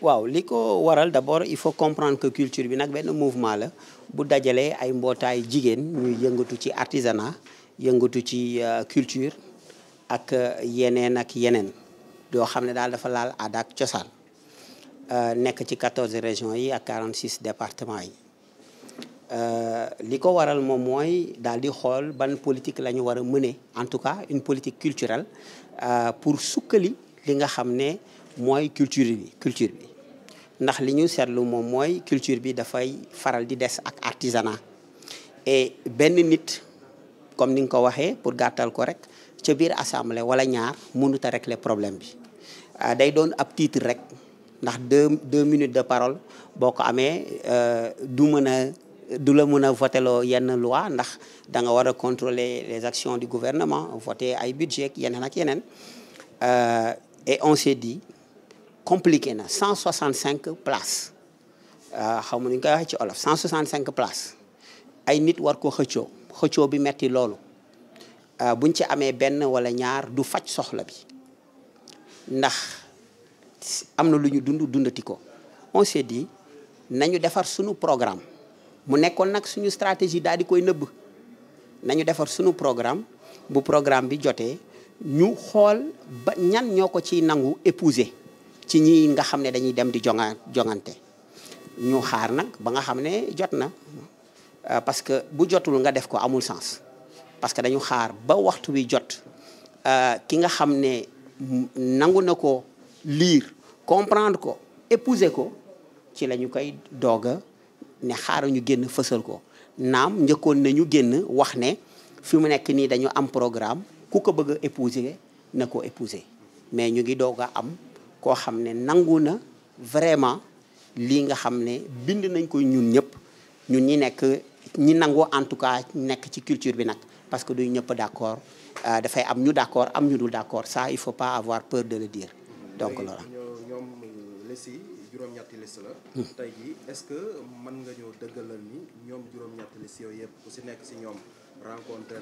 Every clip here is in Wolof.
waaw li ko waral d'abord il faut comprendre que culture bi nag benn mouvement la bu dajalee ay mbootaay jigéen ñuy yëngatu ci artisanat yëngatu ci euh, culture ak euh, yeneen ak yeneen yoo xam ne daal dafa laal aada ak cosaan euh, nekk ci 14 régions yi ak 46 départements yi li ko waral moom mooy daal di xool ban politique la ñu war a mëne en tout cas une politique culturelle pour sukkali li nga xam ne mooy culture bi culture bi ndax li ñu seetlu moom mooy culture bi dafay faral di des ak artisanat et benn nit comme ni nga ko waxee pour gàttal ko rek ca biir assemblée wala ñaar munuta a régler problème bi euh, day doon ab titre rek ndax deux deux minutes de parole boo ko amee euh, du mën a du la mën a voteloo yenn loi ndax da nga war a contrôler les actions du gouvernement voter ay budget yeneen ak yeneen euh, et on compliqué na 165 places ah, xaw ma nu ñu koy waxee ci olof 165 places ay nit war ko xëccoo xëccoo bi metti loolu ah, buñ ci amee benn wala ñaar du faj soxla bi ndax am na lu ñu dund dundati ko on s'est dit nañu defar sunu programme mu nekkoon nag suñu stratégie daal di koy nëbb nañu defar suñu programme bu programme bi jotee ñu xool ba ñan ñoo ko ciy nangu épouser ci ñi nga xam ne dañuy dem di jonga jongante ñu xaar nag ba nga xam ne jot na euh, parce que bu jotul nga def ko amul sens parce que dañu xaar ba waxtu wi jot euh, ki nga xam ne nangu na ko lire comprendre ko épouser ko ci lañu koy dooga ne xaaral ñu génn fësal ko naam njëkkoon nañu génn wax ne fi mu nekk nii dañu am programme ku ko bëgg a épouser na ko épouser mais ñu ngi doog a am koo xam ne nangu na vraiment lii nga xam ne bind nañ koy ñun ñëpp ñu ñi nekk ñi nangu en tout cas nekk ci culture bi nag parce que du ñëpp d'accord euh, dafay am ñu d'accord am ñu dul d'accord ça il faut pas avoir peur de le dire donc loolu ñoom lesi juróom-ñetti list jii est-ce que mën nga ñoo dëggalal ni ñoom juróom-ñetti yëpp ku si nekk si ñoom rencontré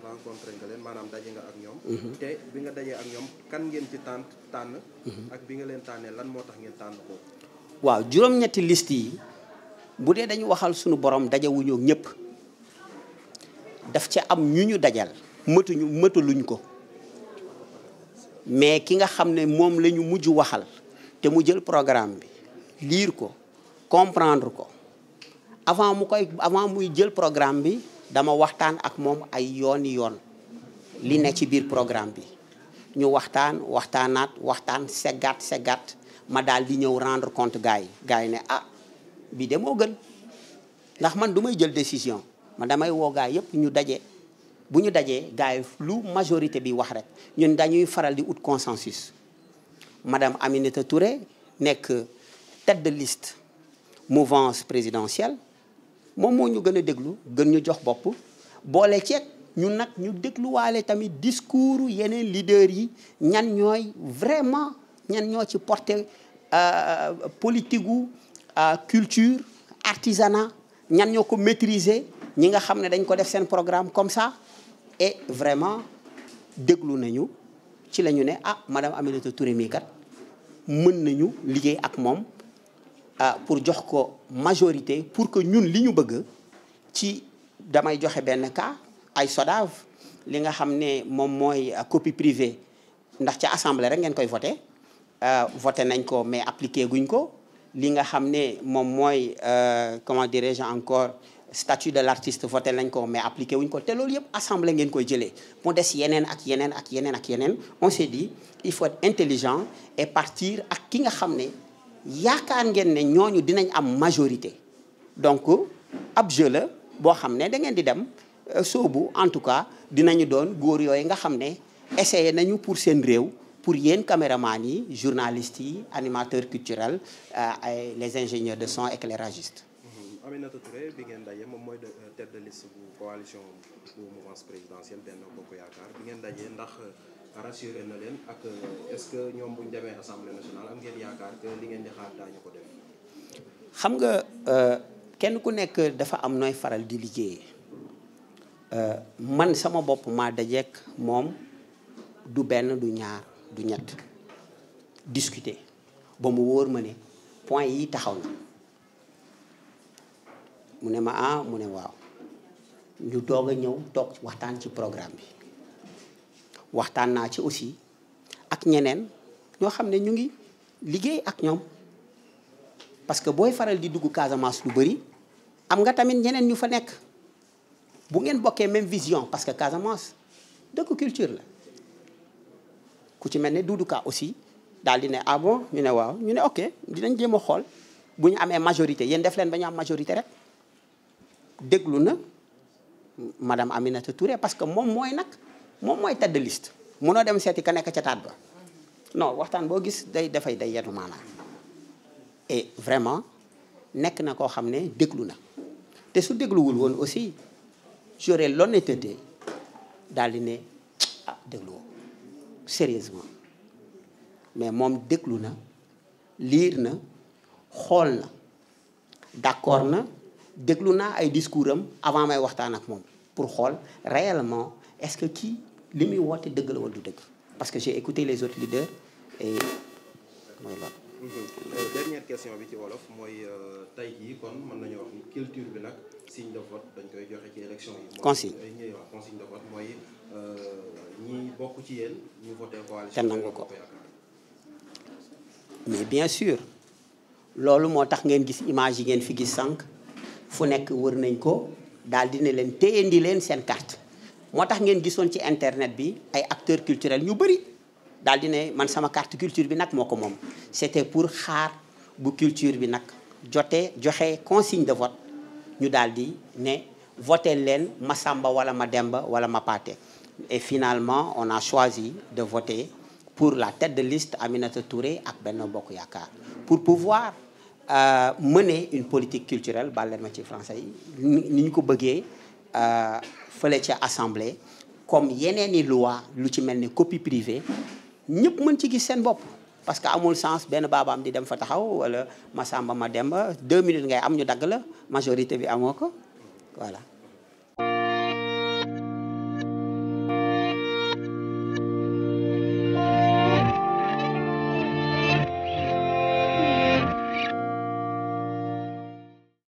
rencontré nga leen maanaam daje nga ak ñoom. Mhm. te bi nga dajee ak ñoom kan ngeen ci tànn tànn. Mhm. ak bi nga leen tànnee lan moo tax ngeen tànn ko. waaw juróom-ñetti liste yi bu dee dañu waxal suñu borom dajewuñu ñëpp daf ci am ñu ñu dajal mëtuñu mëtaluñ ko mais ki nga xam ne moom la ñu mujj waxal te mu jël programme bi liir ko comprendre ko avant mu koy avant muy jël programme bi. dama waxtaan ak moom ay yooni yoon li ne ci biir programme bi ñu waxtaan waxtaanaat waxtaan seggaat seggaat ma daal di ñëw rendre compte gars yi gars ne ah bii de moo gën ndax man dumay jël décision ma damay woo gars yëpp ñu daje bu ñu dajee gars yi lu majorité bi wax rek ñun dañuy faral di ut consensus madame Aminata Touré nekk tête de liste mouvance présidentielle moom moo ñu gën a déglu gën ñu jox bopp boole ceeg ñu nag ñu dégluwaale tamit discours yeneen leaders yi ñan ñooy vraiment ñan ñoo ci porté euh, politigu gu euh, culture artisanat ñan ñoo ko maîtriser ñi nga xam ne dañ ko def seen programme comme ça et vraiment déglu nañu ci la ñu ne ah madame Aminata Touré mii kat mën nañu liggéey ak moom ah pour jox ko majorité pour que ñun li ñu bëgg ci damay joxe benn ka ay sodave li nga xam ne moom mooy copie privée ndax ca assemblée rek ngeen koy voté euh, voté nañ ko mais appliqué guñ ko li nga xam ne moom mooy euh, comment dirais-je encore statut de l'artiste voté nañ ko mais appliqué wuñ ko te loolu yëpp assemblée ngeen koy jëlee mu des yeneen ak yeneen ak yeneen ak yeneen on s'est il faut intelligent et partir ak ki nga xam ne yaakaar ngeen ne ñooñu dinañ am majorité donc ab jeu boo xam ne da ngeen di dem euh, soobu en tout cas dinañu doon góor yooyu nga xam ne essayé nañu pour seen réew pour yéen caméraman yi journalistes yi animateurs culturels ay euh, les ingénieurs de son éclairagiste mmh. Aminata Touré bi ngeen daje moom mooy euh, tête de liste bu coalition bu mouvance présidentielle Benno Bokk Yaakaar bi ngeen daje ndax rassuré na leen ak euh, est-ce que ñoom bu ñu demee assemblée nationale am ngeen yaakaar que li ngeen di xaar daañu ko def. xam nga euh, kenn ku nekk dafa am nooy faral di liggéey euh, man sama bopp maa dajeek moom du benn du ñaar du ñett discuter ba mu wóor ma ne point yi taxaw na mu ne ma ah mu ne waaw ñu doog a ñëw toog waxtaan ci programme bi. waxtaan naa ci aussi ak ñeneen ñoo xam ne ñu ngi liggéey ak ñoom parce que booy faral di dugg Casamance lu bëri am nga tamit ñeneen ñu fa nekk bu ngeen bokkee même vision parce que Casamance dëkk culture la ku ci mel ne Doudou aussi daal di ne ah bon ñu ne waaw ñu ne ok dinañ jéem xool bu ñu amee majorité yéen def leen ba ñu am majorité rek déglu na madame Aminata Touré parce que moom mooy nag moom mooy tedd liste mënoo dem seeti ka nekk ca taat ba non waxtaan boo gis day defay day yenu maanaa et vraiment nekk na koo xam ne déglu na te su dégluwul woon aussi j'aurais l'honnêteté daal di ne ah dégluwoo sérieusement mais moom déglu na liir na xool na d'accord na déglu naa ay discours am avant may waxtaan ak moom pour xool réellement est-ce que kii li muy woote dëgg la wala du dëgg parce que j'ai écouté les autres leaders et mooy loolu. Euh, dernière question bi ci wolof mooy euh, tey jii kon mën nañu wax ni culture bi nag signe de vote koy joxe ci élection yi. consigne mooy euh, consigne de vote mooy ñi bokk ci yéen ñu voté coalition. te nangu ko mais bien sur loolu moo tax ngeen gis image yi ngeen fi gis sànq fu nekk wër nañ ko daal di ne leen téyendi leen seen carte. moo tax ngeen gisoon ci internet bi ay acteur culturels ñu bëri daal di ne man sama carte culture bi nag moo ko moom c'était pour xaar bu culture bi nag jotee joxe consigne de vote ñu daal di ne voté leen ma Samba wala ma Demba wala ma Paate et finalement on a choisi de voter pour la tête de liste Aminata Touré ak benn Bokk Yaakaar pour pouvoir euh, mener une politique culturelle baleen ma ci français yi ni ñu ko bëggee Euh, fële ca assemblée comme yeneen i loi lu ci mel ni copie privée ñëpp mën ci gis seen bopp parce que amul chance benn baabaam di dem fa taxaw wala Masamba ma dem ba deux minutes ngay am ñu dagg la majorité bi amoo ko voilà